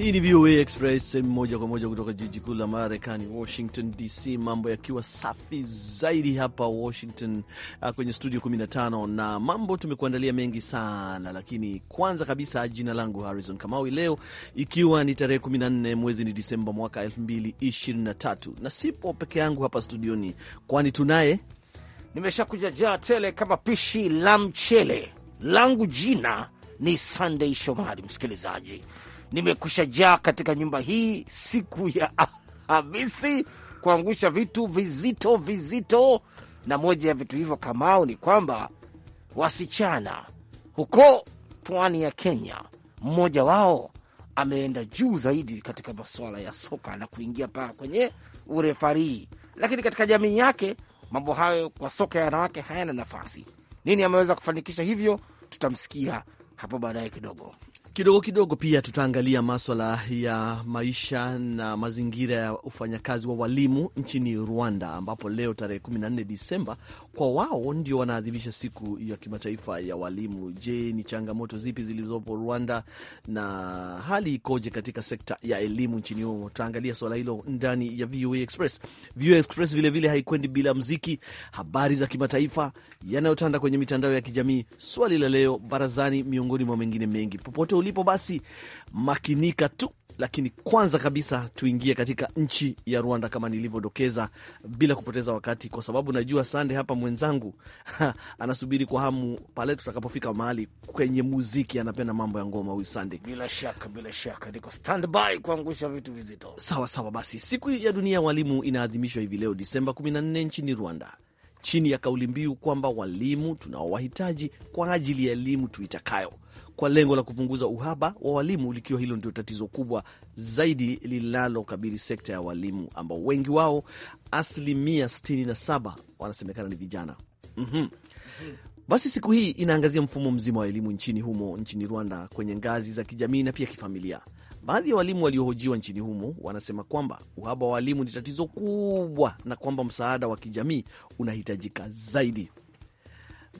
Hii ni VOA Express moja kwa moja kutoka jiji kuu la Marekani, Washington DC, mambo yakiwa safi zaidi hapa Washington ah, kwenye studio 15, na mambo tumekuandalia mengi sana, lakini kwanza kabisa, jina langu Harrison Kamawi. Leo ikiwa ni tarehe 14 mwezi ni Disemba mwaka 2023, na sipo peke yangu hapa studioni, kwani tunaye jaa tele kama pishi la mchele langu. Jina ni Sunday Shomari, msikilizaji nimekusha jaa katika nyumba hii siku ya Alhamisi kuangusha vitu vizito vizito, na moja ya vitu hivyo Kamao ni kwamba wasichana huko pwani ya Kenya, mmoja wao ameenda juu zaidi katika masuala ya soka na kuingia paka kwenye urefarii, lakini katika jamii yake mambo hayo kwa soka ya wanawake hayana nafasi. Nini ameweza kufanikisha hivyo, tutamsikia hapo baadaye kidogo. Kidogo kidogo pia tutaangalia maswala ya maisha na mazingira ya ufanyakazi wa walimu nchini Rwanda, ambapo leo tarehe 14 Disemba kwa wao ndio wanaadhimisha siku ya kimataifa ya walimu. Je, ni changamoto zipi zilizopo Rwanda na hali ikoje katika sekta ya elimu nchini humo? Tutaangalia swala hilo ndani ya VOA Express. VOA Express vilevile haikwendi bila mziki, habari za kimataifa yanayotanda kwenye mitandao ya kijamii, swali la leo barazani, miongoni mwa mengine mengi. Popote ulipo, basi makinika tu. Lakini kwanza kabisa tuingie katika nchi ya Rwanda kama nilivyodokeza, bila kupoteza wakati, kwa sababu najua Sande hapa mwenzangu ha, anasubiri kwa hamu pale tutakapofika mahali kwenye muziki. Anapenda mambo ya ngoma huyu Sande. Bila shaka, bila shaka niko standby kuangusha vitu vizito. Sawa sawa, basi siku ya dunia ya walimu inaadhimishwa hivi leo Disemba 14 nchini Rwanda chini ya kauli mbiu kwamba walimu tunaowahitaji kwa ajili ya elimu tuitakayo, kwa lengo la kupunguza uhaba wa walimu, likiwa hilo ndio tatizo kubwa zaidi linalokabili sekta ya walimu ambao wengi wao asilimia 67 wanasemekana ni vijana. mm -hmm. Mm -hmm. Basi siku hii inaangazia mfumo mzima wa elimu nchini humo, nchini Rwanda, kwenye ngazi za kijamii na pia kifamilia. Baadhi ya walimu waliohojiwa nchini humo wanasema kwamba uhaba wa walimu ni tatizo kubwa na kwamba msaada wa kijamii unahitajika zaidi.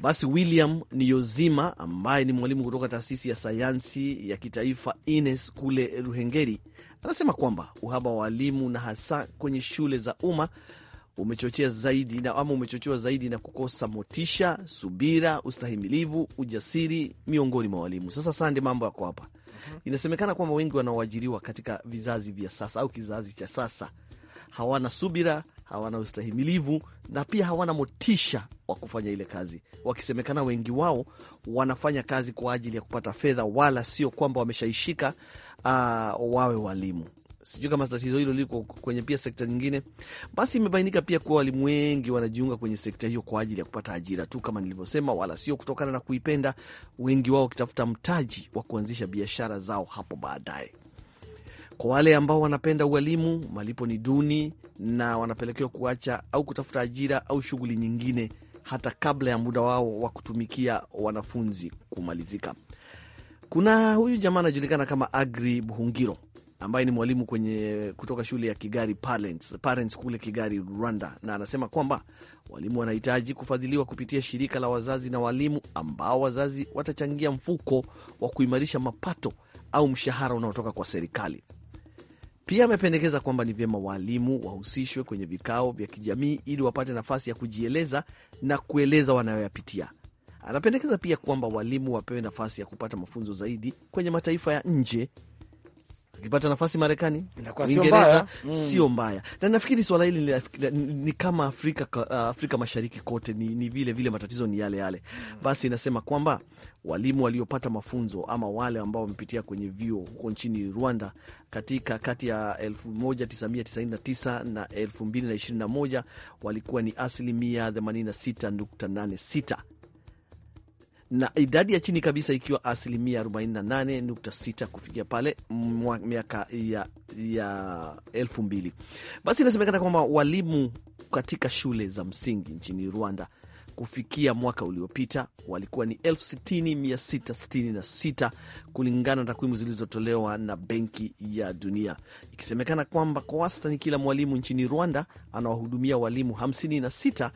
Basi William Niyozima ambaye ni mwalimu kutoka taasisi ya sayansi ya kitaifa Ines kule Ruhengeri anasema kwamba uhaba wa walimu na hasa kwenye shule za umma umechochea zaidi na ama umechochewa zaidi na kukosa motisha, subira, ustahimilivu, ujasiri miongoni mwa walimu. Sasa Sande, mambo yako hapa. -hmm. Inasemekana kwamba wengi wanaoajiriwa katika vizazi vya sasa au kizazi cha sasa hawana subira, hawana ustahimilivu na pia hawana motisha wa kufanya ile kazi, wakisemekana wengi wao wanafanya kazi kwa ajili ya kupata fedha, wala sio kwamba wameshaishika uh, wawe walimu sijui kama tatizo hilo liko kwenye pia sekta nyingine. Basi imebainika pia kuwa walimu wengi wanajiunga kwenye sekta hiyo kwa ajili ya kupata ajira tu kama nilivyosema, wala sio kutokana na kuipenda, wengi wao wakitafuta mtaji wa kuanzisha biashara zao hapo baadaye. Kwa wale ambao wanapenda ualimu, malipo ni duni na wanapelekewa kuacha au kutafuta ajira au shughuli nyingine hata kabla ya muda wao wa kutumikia wanafunzi kumalizika. Kuna huyu jamaa anajulikana kama Agri Buhungiro ambaye ni mwalimu kwenye kutoka shule ya Kigali Parents, Parents kule Kigali, Rwanda, na anasema kwamba walimu wanahitaji kufadhiliwa kupitia shirika la wazazi na walimu, ambao wazazi watachangia mfuko wa kuimarisha mapato au mshahara unaotoka kwa serikali. Pia amependekeza kwamba ni vyema waalimu wahusishwe kwenye vikao vya kijamii ili wapate nafasi ya kujieleza na kueleza wanayoyapitia. Anapendekeza pia kwamba walimu wapewe nafasi ya kupata mafunzo zaidi kwenye mataifa ya nje tukipata nafasi Marekani, Uingereza sio mm. mbaya, na nafikiri swala hili ni kama Afrika, uh, Afrika Mashariki kote ni, ni vile vile matatizo ni yale yale. Basi inasema kwamba walimu waliopata mafunzo ama wale ambao wamepitia kwenye vyuo huko nchini Rwanda katika kati ya 1999 na 2021 walikuwa ni asilimia 86.86 na idadi ya chini kabisa ikiwa asilimia 48.6 kufikia pale miaka ya, ya elfu mbili. Basi inasemekana kwamba walimu katika shule za msingi nchini Rwanda kufikia mwaka uliopita walikuwa ni 60666 kulingana na takwimu zilizotolewa na Benki ya Dunia, ikisemekana kwamba kwa wastani kila mwalimu nchini Rwanda anawahudumia walimu 56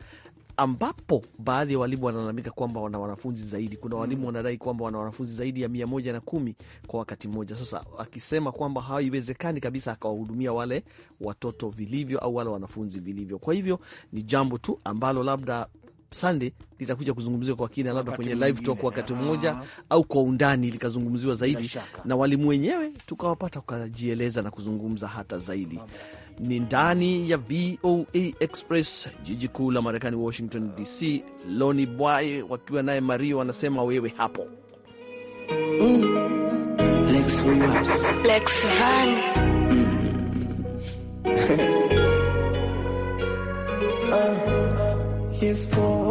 ambapo baadhi ya walimu wanalalamika kwamba wana wanafunzi zaidi. Kuna walimu mm, wanadai kwamba wana wanafunzi zaidi ya mia moja na kumi kwa wakati mmoja, sasa akisema kwamba haiwezekani kabisa akawahudumia wale watoto vilivyo au wale wanafunzi vilivyo. Kwa hivyo ni jambo tu ambalo labda Sande litakuja kuzungumziwa kwa kina, labda kwenye live talk wakati ah. mmoja au kwa undani likazungumziwa zaidi na walimu wenyewe, tukawapata wakajieleza na kuzungumza hata zaidi. Mabaya ni ndani ya VOA Express, jiji kuu la Marekani, Washington DC. Loni Bwaye wakiwa naye Mario anasema wewe hapo mm. Ah, ah,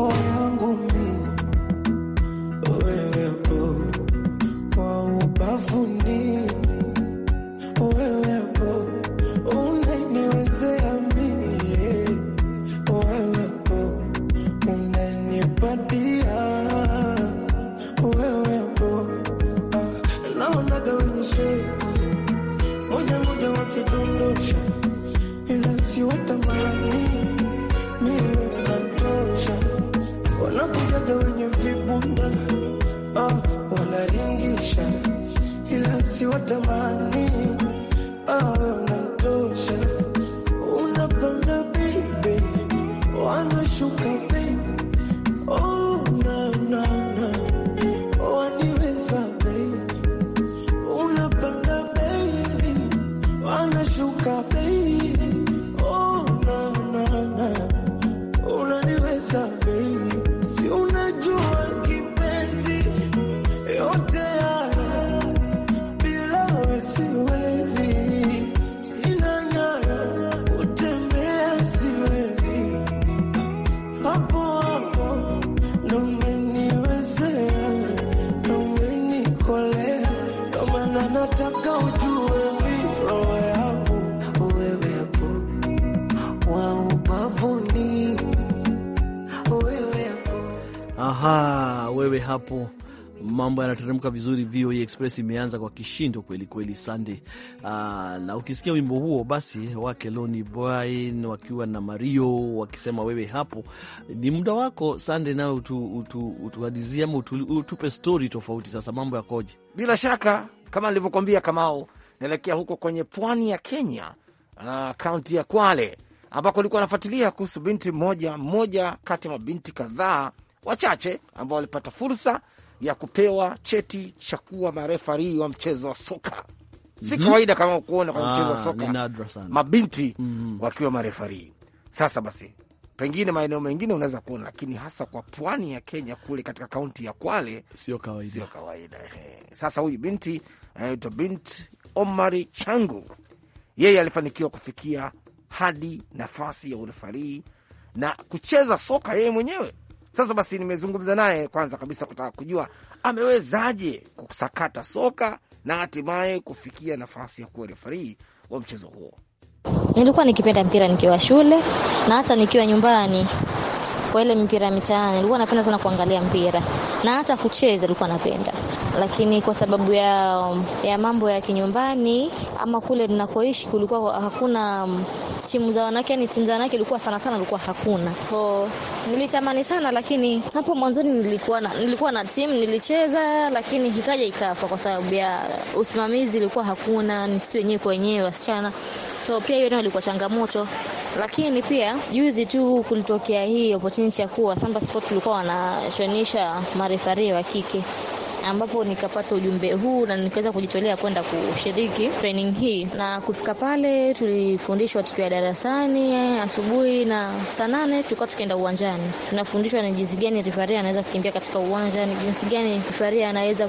inateremka vizuri. VOA e Express imeanza kwa kishindo kweli kweli, Sunday. Uh, na ukisikia wimbo huo basi wake Loni Bryan wakiwa na Mario wakisema wewe hapo ni muda wako Sunday, nawe utuhadizia utu, utu, utu, utupe stori tofauti. Sasa mambo yakoje? Bila shaka kama nilivyokwambia, Kamao, naelekea huko kwenye pwani ya Kenya, ah, kaunti uh, ya Kwale ambako alikuwa anafuatilia kuhusu binti mmoja mmoja kati ya mabinti kadhaa wachache ambao walipata fursa ya kupewa cheti cha kuwa marefari wa mchezo wa soka. Si kawaida kama kuona kwenye mchezo wa ah, soka mabinti mm-hmm. wakiwa marefari. Sasa basi, pengine maeneo mengine unaweza kuona, lakini hasa kwa pwani ya Kenya kule katika kaunti ya Kwale sio kawaida, sio kawaida. Eh. Sasa huyu binti anaitwa eh, Bint Omari Changu, yeye alifanikiwa kufikia hadi nafasi ya urefarii na kucheza soka yeye mwenyewe sasa basi, nimezungumza naye kwanza kabisa kutaka kujua amewezaje kusakata soka na hatimaye kufikia nafasi ya kuwa refarii wa mchezo huo. Nilikuwa nikipenda mpira nikiwa shule na hata nikiwa nyumbani kwa ile mpira mitaani, nilikuwa napenda sana kuangalia mpira na hata kucheza nilikuwa napenda lakini kwa sababu ya, ya mambo ya kinyumbani ama kule ninakoishi kulikuwa hakuna mm, timu za wanawake, yani timu za wanawake ilikuwa sana sana ilikuwa hakuna, so nilitamani sana, lakini hapo mwanzoni nilikuwa na, nilikuwa na timu nilicheza, lakini ikaja ikafa kwa sababu ya usimamizi ilikuwa hakuna, ni si wenyewe kwa wenyewe wasichana, so pia hiyo nayo ilikuwa changamoto lakini pia juzi tu kulitokea hii opportunity ya kuwa Samba Sport tulikuwa wanashonisha marefari wa kike ambapo nikapata ujumbe huu na nikaweza kujitolea kwenda kushiriki training hii, na kufika pale tulifundishwa tukiwa darasani eh, asubuhi na saa nane tukawa tukienda uwanjani, tunafundishwa ni jinsi gani rifaria anaweza kukimbia katika uwanja, ni jinsi gani rifaria anaweza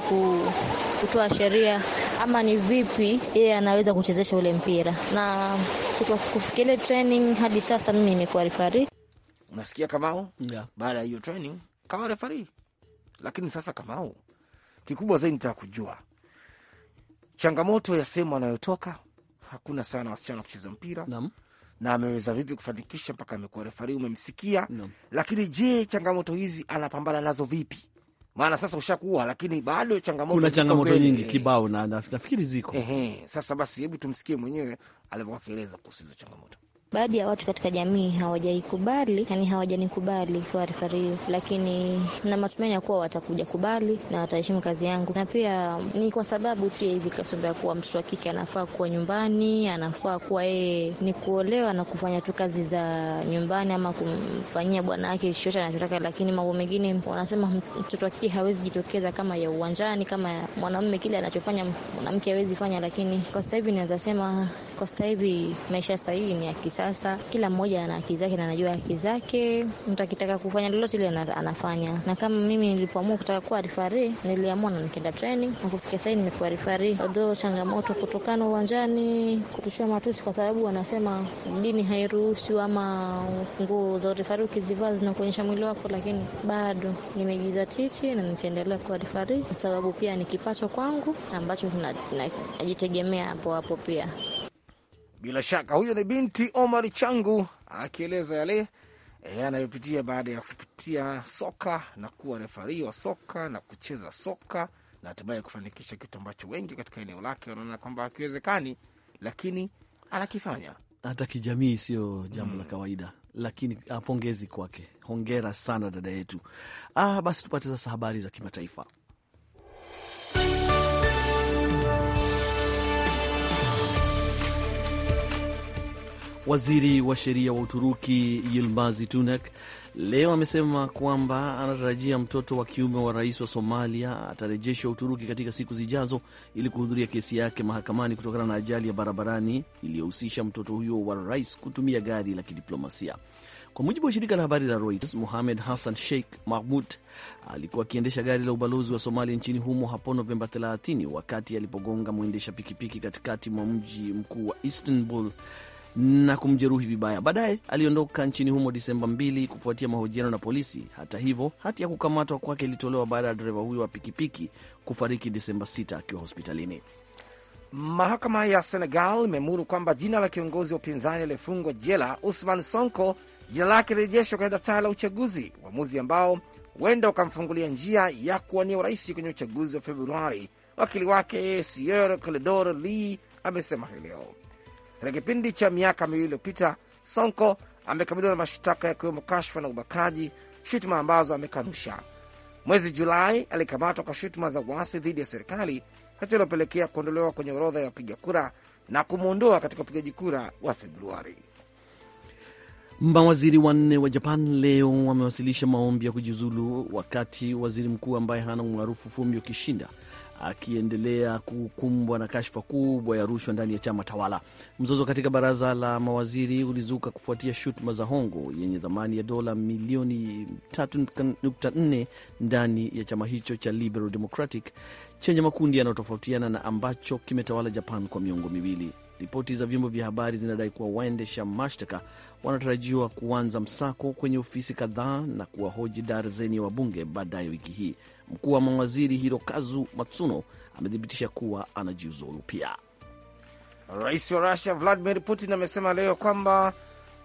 kutoa sheria ama ni vipi yeye anaweza kuchezesha ule mpira. Na kutoka training hadi sasa mimi nimekuwa rifari. Unasikia Kamau? Yeah. Baada ya hiyo training kama refari, lakini sasa Kamau Kikubwa zaidi nitaka kujua changamoto ya sehemu anayotoka, hakuna sana wasichana kucheza mpira Nam. na ameweza vipi kufanikisha mpaka amekuwa refari, umemsikia Naam. Lakini je, changamoto hizi anapambana nazo vipi? Maana sasa ushakuwa, lakini bado changamoto, kuna changamoto nyingi kibao, na nafikiri ziko ehe. Sasa basi, hebu tumsikie mwenyewe alivyokueleza kuhusu hizo changamoto. Baadhi ya watu katika jamii hawajaikubali, yani hawajanikubali kwa rifari lakini na matumaini ya kuwa watakuja kubali na wataheshimu kazi yangu, na pia ni kwa sababu pia hivi kasumba ya kuwa mtoto wa kike anafaa kuwa nyumbani, anafaa kuwa yeye ni kuolewa na kufanya tu kazi za nyumbani ama kumfanyia bwana yake chochote anachotaka, lakini mambo mengine wanasema mtoto wa kike hawezi jitokeza kama ya uwanjani, kama mwanamume kile anachofanya mwanamke hawezi fanya. Lakini kwa sasa hivi naweza sema kwa sasa hivi maisha sahihi ni ya sasa kila mmoja ana haki zake na anajua haki zake. Mtu akitaka kufanya lolote ile anafanya, na kama mimi nilipoamua kutaka kuwa rifari niliamua na nikaenda training na kufikia sasa nimekuwa rifari, although changamoto kutokana uwanjani kutushia matusi, kwa sababu wanasema dini hairuhusu ama nguo za rifari ukizivaa zinakuonyesha mwili wako, lakini bado nimejizatiti na nitaendelea kuwa rifari kwa sababu pia ni kipato kwangu ambacho najitegemea hapo hapo pia. Bila shaka huyo ni binti Omar Changu akieleza yale eh, anayopitia baada ya kupitia soka na kuwa refari wa soka na kucheza soka na hatimaye kufanikisha kitu ambacho wengi katika eneo lake wanaona kwamba hakiwezekani, lakini anakifanya. Hata kijamii sio jambo mm, la kawaida, lakini pongezi kwake. Hongera sana dada yetu. Ah, basi tupate sasa habari za kimataifa. Waziri wa sheria wa Uturuki Yilmazi Tunak leo amesema kwamba anatarajia mtoto wa kiume wa rais wa Somalia atarejeshwa Uturuki katika siku zijazo ili kuhudhuria kesi yake mahakamani kutokana na ajali ya barabarani iliyohusisha mtoto huyo wa rais kutumia gari la kidiplomasia. Kwa mujibu wa shirika la habari la Reuters, Muhamed Hassan Sheikh Mahmud alikuwa akiendesha gari la ubalozi wa Somalia nchini humo hapo Novemba 30 wakati alipogonga mwendesha pikipiki katikati mwa mji mkuu wa Istanbul na kumjeruhi vibaya. Baadaye aliondoka nchini humo Disemba mbili kufuatia mahojiano na polisi. Hata hivyo, hati ya kukamatwa kwake ilitolewa baada ya dereva huyo wa pikipiki kufariki Disemba 6 akiwa hospitalini. Mahakama ya Senegal imeamuru kwamba jina la kiongozi wa upinzani aliyefungwa jela Usman Sonko, jina lake lirejeshwa kwenye daftari la uchaguzi, uamuzi ambao huenda ukamfungulia njia ya kuwania urais kwenye uchaguzi wa Februari. Wakili wake Sieur Cledor Lee amesema hii leo. Katika kipindi cha miaka miwili iliyopita, Sonko amekabiliwa na mashtaka yakiwemo kashfa na ubakaji, shutuma ambazo amekanusha. Mwezi Julai alikamatwa kwa shutuma za uasi dhidi ya serikali, hatua iliyopelekea kuondolewa kwenye orodha ya wapiga kura na kumwondoa katika upigaji kura wa Februari. Mawaziri wanne wa Japan leo wamewasilisha maombi ya kujiuzulu, wakati waziri mkuu ambaye hana umaarufu Fumio Kishida akiendelea kukumbwa na kashfa kubwa ya rushwa ndani ya chama tawala. Mzozo katika baraza la mawaziri ulizuka kufuatia shutuma za hongo yenye thamani ya dola milioni 3.4 ndani ya chama hicho cha Liberal Democratic chenye makundi yanayotofautiana na ambacho kimetawala Japan kwa miongo miwili. Ripoti za vyombo vya habari zinadai kuwa waendesha mashtaka wanatarajiwa kuanza msako kwenye ofisi kadhaa na kuwahoji darzeni ya wabunge baadaye wiki hii. Mkuu wa mawaziri Hirokazu Matsuno amethibitisha kuwa anajiuzulu pia. Rais wa Rusia Vladimir Putin amesema leo kwamba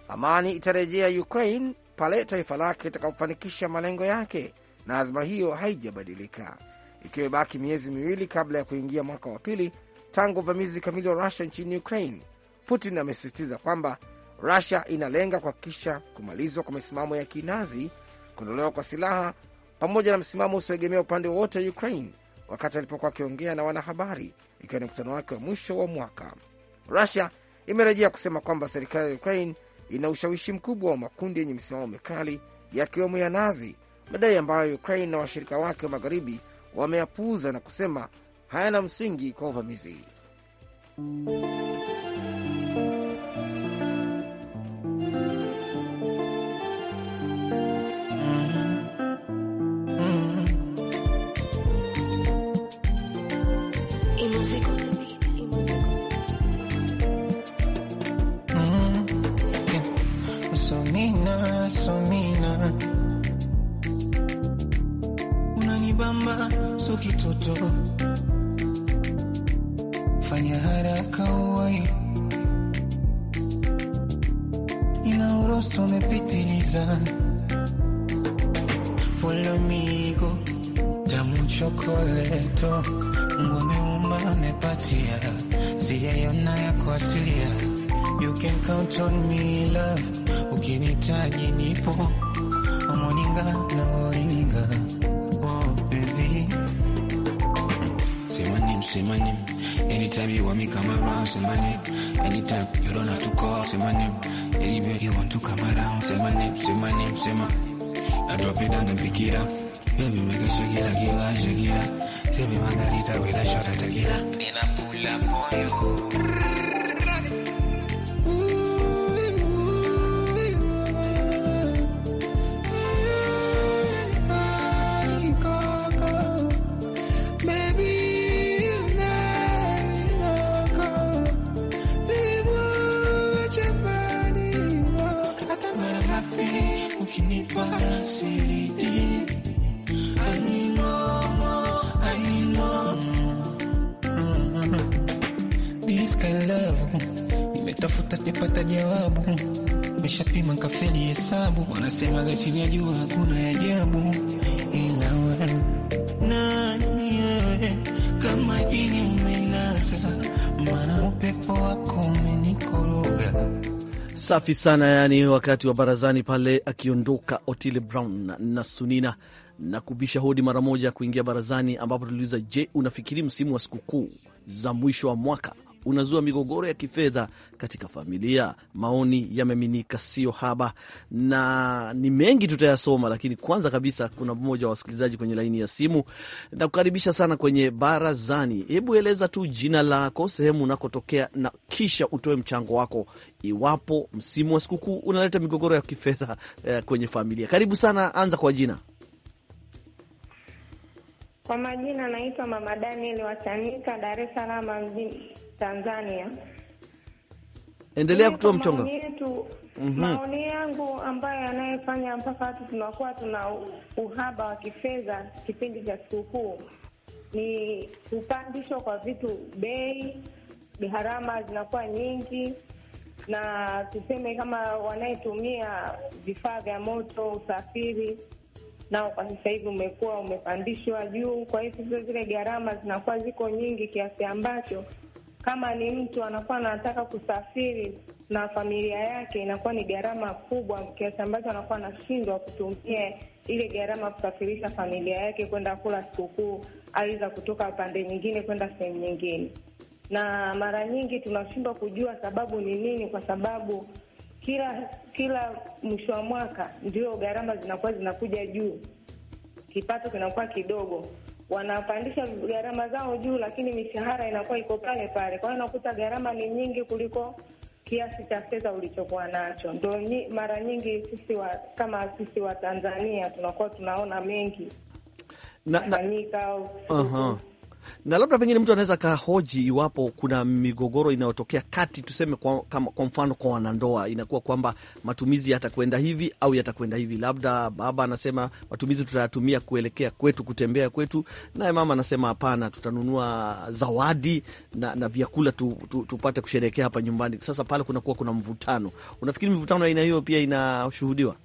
amani itarejea Ukraine pale taifa lake itakaofanikisha malengo yake, na azma hiyo haijabadilika, ikiwa ibaki miezi miwili kabla ya kuingia mwaka wa pili tangu uvamizi kamili wa Rusia nchini Ukraine. Putin amesisitiza kwamba Rusia inalenga kuhakikisha kumalizwa kwa misimamo ya kinazi, kuondolewa kwa silaha pamoja na msimamo usioegemea upande wowote wa Ukraine. Wakati alipokuwa akiongea na wanahabari ikiwa ni mkutano wake wa mwisho wa mwaka, Rusia imerejea kusema kwamba serikali ya Ukraine ina ushawishi mkubwa wa makundi yenye misimamo mikali yakiwemo ya Nazi, madai ambayo Ukraine na washirika wake wa magharibi wameyapuuza na kusema hayana msingi kwa uvamizi. sijaiona yako asilia. You can count on me love, ukinitaji nipo Omoninga na oringa oh baby, say my name, say my name anytime you want me come around, say my name anytime you don't have to call, say my name anywhere you want to come around, say my name, say my name, say my I drop it down and pick it up, baby make a shake it like you like shake it up, say margarita with a shot of tequila. La apoyo. tafuta sijapata jawabu, meshapima kafeli hesabu, Wanasema chini ya jua hakuna ajabu, ila nani wewe kama jini umenasa, mana upepo wako umenikoroga. Safi sana, yani wakati wa barazani pale akiondoka Otile Brown na Sunina na kubisha hodi mara moja kuingia barazani, ambapo tuliuliza je, unafikiri msimu wa sikukuu za mwisho wa mwaka unazua migogoro ya kifedha katika familia. Maoni yameminika sio haba na ni mengi tutayasoma, lakini kwanza kabisa kuna mmoja wa wasikilizaji kwenye laini ya simu. Nakukaribisha sana kwenye barazani. Hebu eleza tu jina lako, sehemu unakotokea na kisha utoe mchango wako iwapo msimu wa sikukuu unaleta migogoro ya kifedha eh, kwenye familia. Karibu sana, anza kwa jina. Kwa majina naitwa Mama Daniel Watanika, Dar es Salaam mjini. Tanzania. Endelea kutoa mchongo. Mm -hmm. Maoni yangu ambayo anayefanya mpaka watu tunakuwa tuna uhaba wa kifedha kipindi cha sikukuu ni kupandishwa kwa vitu bei, gharama zinakuwa nyingi, na tuseme kama wanayetumia vifaa vya moto, usafiri nao kwa sasa hivi umekuwa umepandishwa juu. Kwa hiyo zile gharama zinakuwa ziko nyingi kiasi ambacho kama ni mtu anakuwa anataka kusafiri na familia yake, inakuwa ni gharama kubwa kiasi ambacho anakuwa anashindwa kutumia ile gharama kusafirisha familia yake kwenda kula sikukuu, aidha kutoka pande nyingine kwenda sehemu nyingine. Na mara nyingi tunashindwa kujua sababu ni nini, kwa sababu kila kila mwisho wa mwaka ndio gharama zinakuwa zinakuja juu, kipato kinakuwa kidogo wanapandisha gharama zao juu, lakini mishahara inakuwa iko pale pale. Kwa hiyo unakuta gharama ni nyingi kuliko kiasi cha fedha ulichokuwa nacho. Ndo nyi, mara nyingi sisi wa, kama sisi wa Tanzania tunakuwa tunaona mengi na, na, uh -huh na labda pengine mtu anaweza kahoji iwapo kuna migogoro inayotokea kati, tuseme kwa, kama, kwa mfano kwa wanandoa inakuwa kwamba matumizi yatakwenda hivi au yatakwenda hivi, labda baba anasema matumizi tutayatumia kuelekea kwetu, kutembea kwetu, naye mama anasema hapana, tutanunua zawadi na, na vyakula tu, tu, tupate kusherekea hapa nyumbani. Sasa pale kunakuwa kuna mvutano. Unafikiri mivutano aina hiyo pia inashuhudiwa?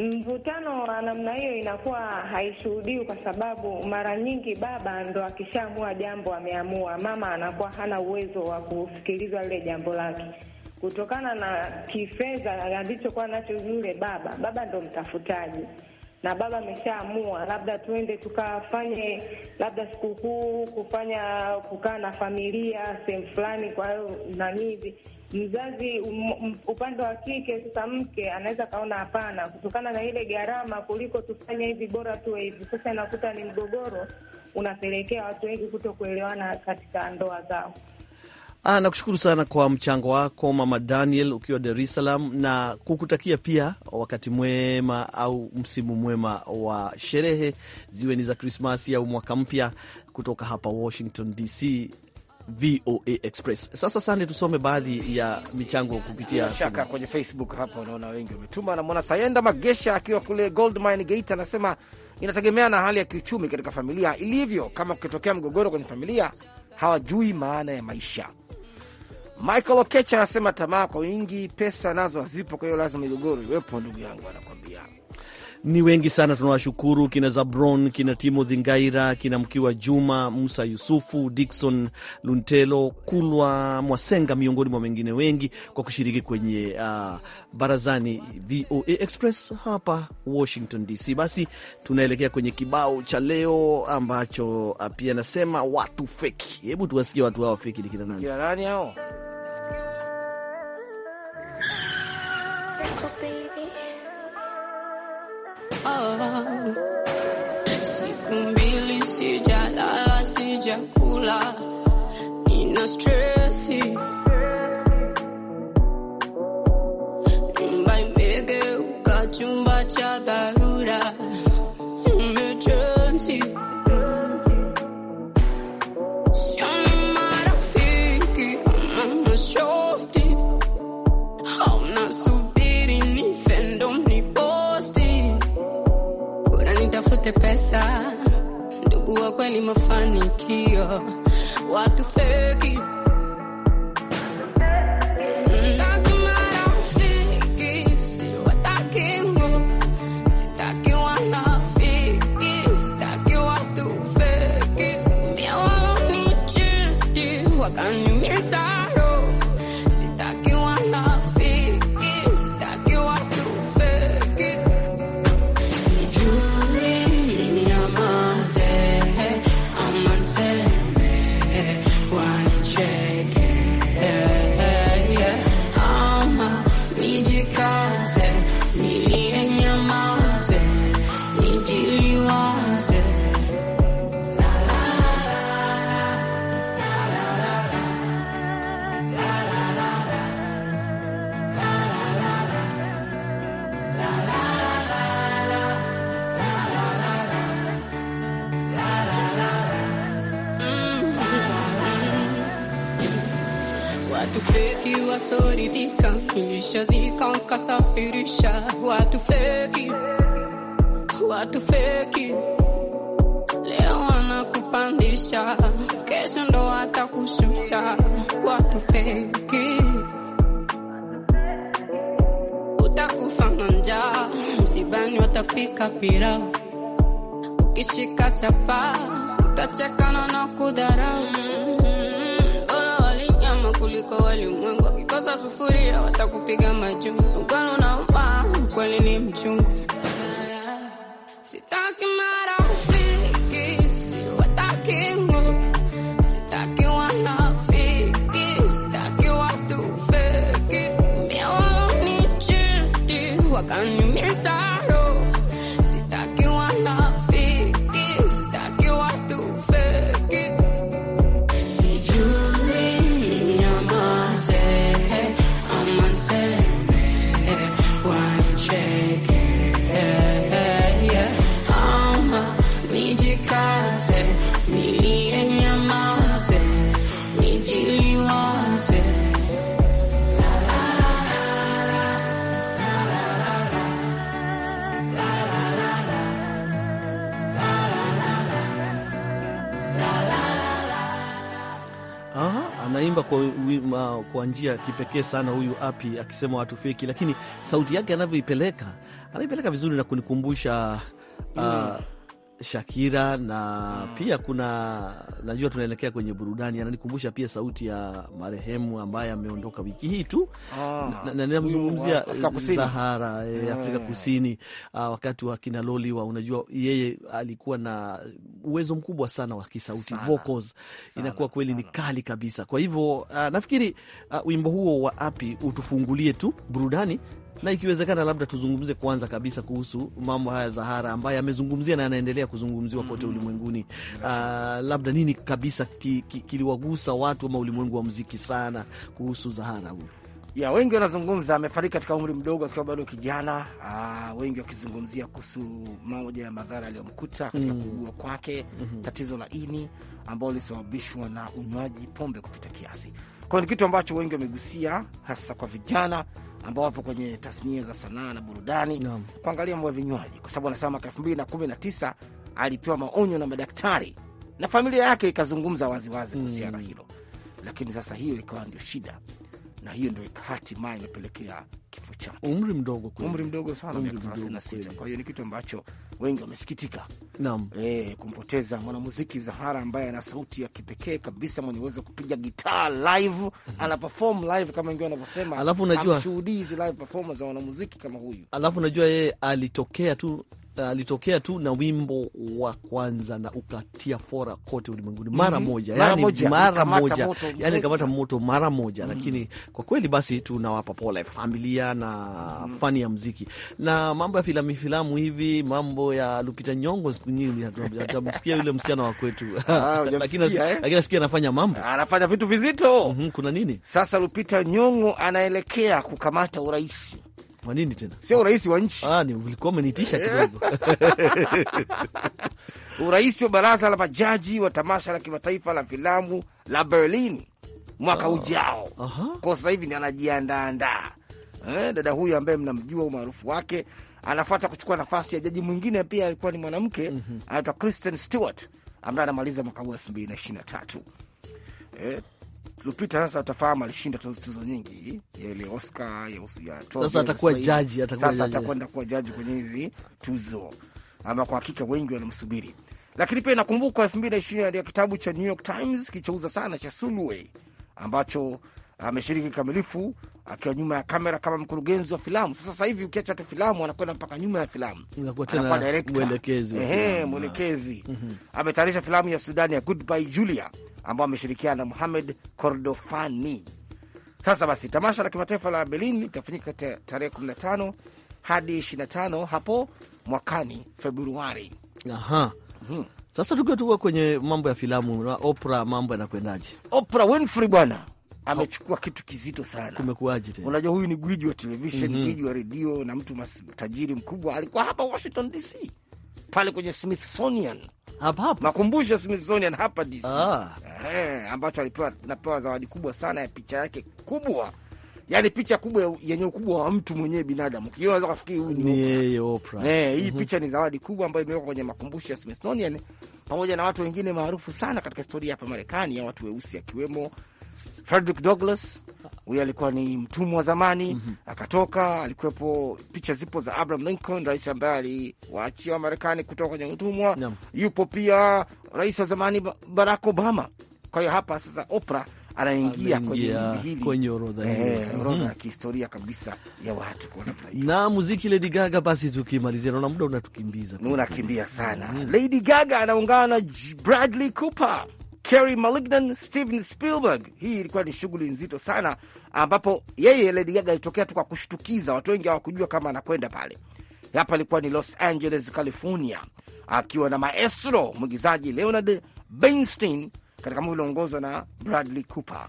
Mvutano wa namna hiyo inakuwa haishuhudiwi kwa sababu mara nyingi baba ndo akishaamua jambo ameamua, mama anakuwa hana uwezo wa kusikilizwa lile jambo lake kutokana na kifedha alichokuwa nacho yule baba. Baba ndo mtafutaji na baba ameshaamua, labda tuende tukafanye labda sikukuu, kufanya kukaa na familia sehemu fulani, kwa hiyo nani hivi mzazi um, um, upande wa kike sasa, mke anaweza kaona hapana, kutokana na ile gharama, kuliko tufanye hivi, bora tuwe hivi. Sasa inakuta ni mgogoro unapelekea watu wengi kuto kuelewana katika ndoa zao. Ah, nakushukuru sana kwa mchango wako Mama Daniel ukiwa Dar es Salaam, na kukutakia pia wakati mwema au msimu mwema wa sherehe, ziwe ni za Krismasi au mwaka mpya, kutoka hapa Washington DC. VOA Express. Sasa sande, tusome baadhi ya michango kupitia shaka kwenye Facebook hapo unaona wengi wametuma. Namwona Sayenda Magesha akiwa kule Goldmine Gate, anasema inategemea na hali ya kiuchumi katika familia ilivyo. Kama kukitokea mgogoro kwenye familia, hawajui maana ya maisha. Michael okech anasema tamaa kwa wingi, pesa nazo hazipo, kwa hiyo lazima migogoro iwepo. Ndugu yangu anakwambia ni wengi sana, tunawashukuru kina Zabron, kina Timothy Ngaira, kina Mkiwa Juma, Musa Yusufu, Dikson Luntelo, Kulwa Mwasenga, miongoni mwa wengine wengi kwa kushiriki kwenye uh, barazani VOA Express hapa Washington DC. Basi tunaelekea kwenye kibao cha leo ambacho uh, pia nasema watu feki. Hebu tuwasikie watu hawa feki ni kina nani? Kina nani hao? Sikumbili sijalala, sijakula, nina stresi nyumba imegeuka chumba cha dharura. upate pesa, ndugu wa kweli mafanikio, watu feki kuwasafirisha watu feki, watu feki. Leo wanakupandisha, kesho ndo watakushusha, watu feki. Utakufa na njaa, msibani watapika pilau, ukishika chapa utachekana na kudharau watakulia, watakupiga majuu anaimba kwa, wima, kwa njia kipekee sana huyu Api akisema watu feki, lakini sauti yake anavyoipeleka anaipeleka vizuri na kunikumbusha uh, mm. Ah, Shakira na mm. pia kuna najua tunaelekea kwenye burudani, ananikumbusha pia sauti ya marehemu ambaye ameondoka wiki hii tu, ah. na ninamzungumzia Sahara ya Afrika Kusini, eh, eh. Ah, wakati wa kina wa, unajua yeye alikuwa na uwezo mkubwa sana wa kisauti, vocals inakuwa kweli ni kali kabisa. Kwa hivyo ah, nafikiri wimbo huo wa api utufungulie tu burudani na ikiwezekana, labda tuzungumze kwanza kabisa kuhusu mambo haya Zahara, ambayo yamezungumzia na yanaendelea kuzungumziwa kote mm-hmm. ulimwenguni. Uh, labda nini kabisa ki, ki, kiliwagusa watu ama ulimwengu wa muziki sana kuhusu Zahara huyu? ya wengi wanazungumza, amefariki katika umri mdogo akiwa bado kijana. Aa, ah, wengi wakizungumzia kuhusu moja ya madhara aliyomkuta katika mm. kuugua kwake mm -hmm. tatizo la ini ambalo lilisababishwa na unywaji pombe kupita kiasi. Kwa hiyo ni kitu ambacho wengi wamegusia hasa kwa vijana ambao wapo kwenye tasnia za sanaa na burudani no. kuangalia mambo ya vinywaji, kwa sababu anasema mwaka elfu mbili na kumi na tisa alipewa maonyo na madaktari na familia yake ikazungumza waziwazi kuhusiana mm. hilo, lakini sasa hiyo ikawa ndio shida na hiyo ndio hatimaye imepelekea kifo chake. Umri mdogo kweli, umri mdogo sana, miaka Kwa hiyo ni kitu ambacho wengi wamesikitika e, kumpoteza mwanamuziki Zahara ambaye ana sauti ya kipekee kabisa, mwenye uwezo kupiga gitaa live, mhm. ana perform live kama wengi wanavyosema, alafu unajua shuhudii hizi live performance za wanamuziki kama huyu, alafu unajua yeye alitokea tu Uh, alitokea tu na wimbo wa kwanza na ukatia fora kote ulimwenguni mara mhm. moja, yani mara yaani, moja, yani kamata yaani, moto mara moja. Mhm. Lakini kwa kweli basi tunawapa pole familia na mm, fani ya muziki na mambo ya filamu filamu hivi mambo ya Lupita Nyong'o, siku nyingi hatamsikia yule msichana wa kwetu, ah, eh? lakini nasikia anafanya mambo, anafanya vitu vizito. Mm -hmm, Kuna nini sasa? Lupita Nyong'o anaelekea kukamata uraisi kwa nini tena? Sio urais wa nchi. Ah, ni ulikuwa umenitisha eh. kidogo. Urais wa baraza la majaji wa tamasha la kimataifa la filamu la Berlin mwaka uh, ujao. Uh -huh. Kwa sasa hivi ni anajiandaandaa. Eh, dada huyu ambaye mnamjua umaarufu wake anafuata kuchukua nafasi ya jaji mwingine pia alikuwa ni mwanamke mm -hmm. anaitwa Kristen Stewart ambaye anamaliza mwaka huu elfu mbili na ishirini na tatu. Eh, Lupita sasa atafahamu alishinda tuzo nyingi, ile Oscar ya Sasa atakuwa jaji, atakuwa sasa atakwenda kuwa jaji kwenye hizi tuzo, ama kwa hakika wengi wanamsubiri. Lakini pia nakumbuka ishirini alia kitabu cha New York Times kilichouza sana cha Sulway ambacho ah, ameshiriki uh, kikamilifu akiwa nyuma ya kamera kama mkurugenzi wa filamu. Sasa sasa hivi ukiacha tu filamu, anakwenda mpaka nyuma ya filamu, anakuwa director, mwelekezi, mwelekezi. Ah. Mhm. Ametayarisha filamu ya Sudani ya Goodbye Julia ambao ameshirikiana na Muhamed Kordofani. Sasa basi, tamasha la kimataifa la Berlin litafanyika tarehe 15 hadi 25 hapo mwakani Februari. Aha. Hmm. Sasa tukiwa tuko kwenye mambo ya filamu na Oprah, mambo yanakwendaje? Oprah Winfrey bwana amechukua kitu kizito sana. Kumekuaje tena? Unajua, huyu ni gwiji wa television, mm -hmm. gwiji wa redio na mtu tajiri mkubwa. Alikuwa hapa Washington DC pale kwenye Smithsonian makumbusho ya Smithsonian hapa DC ah. Eh, ambacho alipewa napewa zawadi kubwa sana ya picha yake kubwa yaani picha kubwa yenye ukubwa wa mtu mwenyewe binadamu, unaweza kufikiri huu ni Oprah. Eh, hii mhm. picha ni zawadi kubwa ambayo imewekwa kwenye makumbusho ya Smithsonian pamoja na watu wengine maarufu sana katika historia hapa Marekani ya watu weusi, akiwemo Frederick Douglass, huyu alikuwa ni mtumwa wa zamani mm -hmm. Akatoka, alikuwepo, picha zipo za Abraham Lincoln, rais ambaye aliwaachia wa Marekani kutoka kwenye utumwa yeah. Yupo pia rais wa zamani Barack Obama. Kwa hiyo hapa sasa Oprah anaingia kwenye orodha eh, mm -hmm. ya kihistoria kabisa ya watu kwa namna hiyo. Na muziki Lady Gaga, basi tukimalizia, naona muda unatukimbiza, unakimbia sana mm -hmm. Lady Gaga anaungana na Bradley Cooper Kerry Mulligan, Steven Spielberg. Hii ilikuwa ni shughuli nzito sana, ambapo yeye Lady Gaga alitokea tu kwa kushtukiza. Watu wengi hawakujua kama anakwenda pale. Hapa alikuwa ni Los Angeles, California, akiwa na maestro mwigizaji Leonard Bernstein katika movie iliongozwa na Bradley Cooper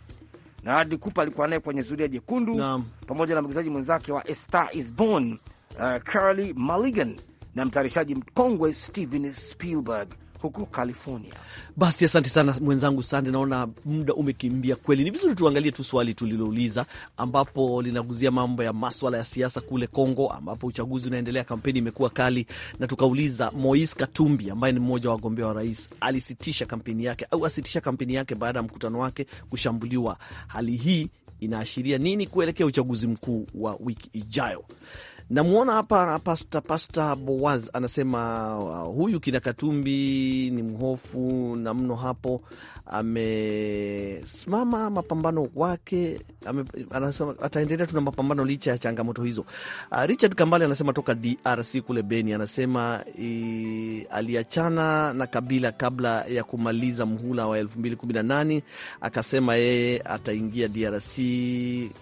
na Bradley Cooper alikuwa naye kwenye zulia jekundu pamoja na mwigizaji mwenzake wa A Star Is Born, uh, Carey Mulligan na mtayarishaji mkongwe Steven Spielberg huko California. Basi asante sana mwenzangu Sande, naona muda umekimbia kweli. Ni vizuri tuangalie tu swali tulilouliza, ambapo linaguzia mambo ya maswala ya siasa kule congo ambapo uchaguzi unaendelea, kampeni imekuwa kali, na tukauliza mois Katumbi ambaye ni mmoja wa wagombea wa rais alisitisha kampeni yake au asitisha kampeni yake baada ya mkutano wake kushambuliwa. Hali hii inaashiria nini kuelekea uchaguzi mkuu wa wiki ijayo? Namwona hapa pasta pasta Boaz anasema uh, huyu kina Katumbi ni mhofu na mno hapo, amesimama mapambano wake ame, anasema ataendelea tuna mapambano licha ya changamoto hizo. Uh, Richard Kambale anasema toka DRC kule Beni, anasema i, aliachana na Kabila kabla ya kumaliza mhula wa 2018 akasema yeye ataingia DRC,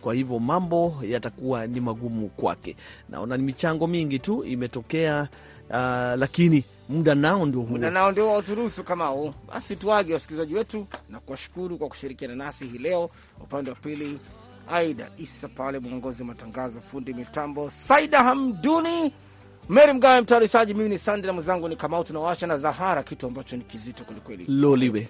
kwa hivyo mambo yatakuwa ni magumu kwake na naona ni michango mingi tu imetokea. Uh, lakini muda nao ndio huu, muda nao ndio waturuhusu kama huu. Basi tuage wasikilizaji wetu na kuwashukuru kwa kushirikiana nasi hii leo. Upande wa pili Aida Isa pale, mwongozi wa matangazo, fundi mitambo Saida Hamduni, Meri Mgawe mtayarishaji, mimi ni Sande na mwenzangu ni Kamau. Tunawasha na Zahara, kitu ambacho ni kizito kwelikweli, loliwe